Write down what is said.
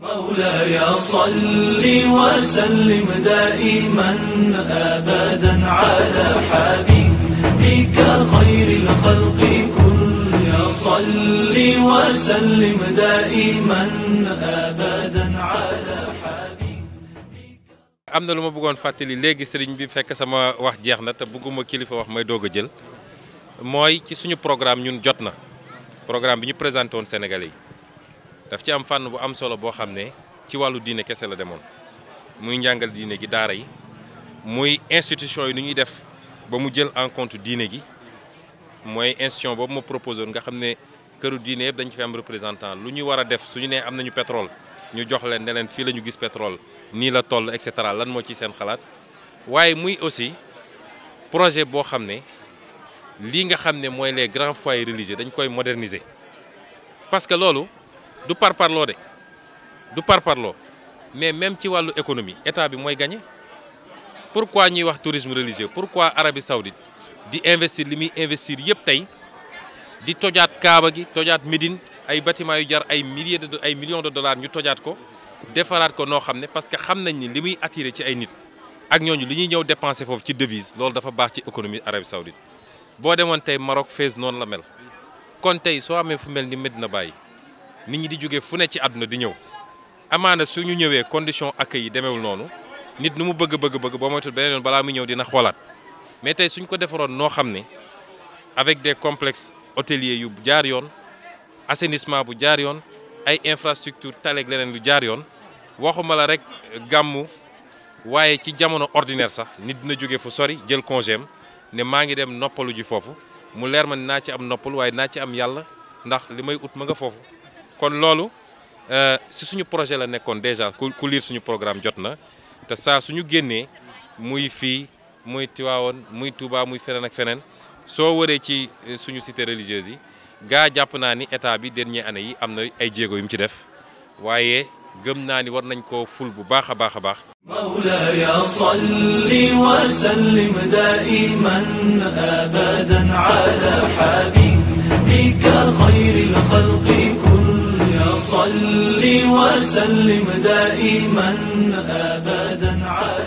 مولاي صل وسلم دائما ابدا على حبيبك خير الخلق كل صل وسلم دائما ابدا على amna luma bëggoon fàttali léegi sëriñ bi fekk sama wax jeex na te bëgguma kilifa wax may doog a jël mooy ci suñu programme ñun jot na programme bi ñu présenté woon Sénégalais yi daf ci am fànn bu am solo bo xamné ci walu diine kese la demoon muy njangal diine gi daara yi muy institution yi nu ñuy def ba mu jël en compte diine gi moy institution boobu ma proposé nga xamné ne këru diine yëpp dañ fi am représentant lu ñu war def suñu né am nañu pétrole ñu jox leen ne leen fii la gis pétrole ni la toll et cetera lan moo ci seen xalaat waye muy aussi projet bo xamné li nga xamné moy les grands foyers religieux dañ koy moderniser parce que lolu du par parloo de du par parloo mais même ci walu économie état bi moy gagné pourquoi ñi wax tourisme religieux pourquoi Arabie Saoudite di investir li investir yep tay di tojaat Kaaba gi tojaat Médine ay bâtiment yu jar ay milliers de ay millions de dollars ñu tojaat ko défarat ko no xamné parce que xamnañ ni li attirer ci ay nit ak ñoñu li ñi ñew dépenser fofu ci devise loolu dafa baax ci économie Arabie Saoudite bo démon tay Maroc Fès non la mel kon tay so amé fu mel ni Medina Baye nit ñi di joggé fu ne ci aduna di ñëw amana suñu ñëwé condition accueil déméwul nonu nit nu mu bëgg bëgg bëgg bo moytul beneen yoon bala muy ñëw dina xolaat mais tay suñ ko defaroon no xamné avec des complexes hôteliers yu jaar yoon assainissement bu jaar yoon ay infrastructure taleeg leneen lu jaar yoon waxuma la rek gamu waaye ci jamono ordinaire sax nit dina joggé fu sori jël congé ne maa ngi dem noppalu ji fofu mu leer man na ci am noppal waaye na ci am yalla ndax limay may ut ma nga fofu kon lolu euh ci suñu projet la nekkon déjà ku lire suñu programme jotna te sa suñu génné muy fi muy tiwaawon muy Touba muy fenen ak fenen so wéré ci suñu cité religieuse yi ga jàpp na ni état bi dernier année yi amna ay djégo yum ci def wayé gëm na ni war nañ ko ful bu baax a baax a baax مولاي صل وسلم دائما ابدا على حبيبك خير الخلق صل وسلم دائما أبدا على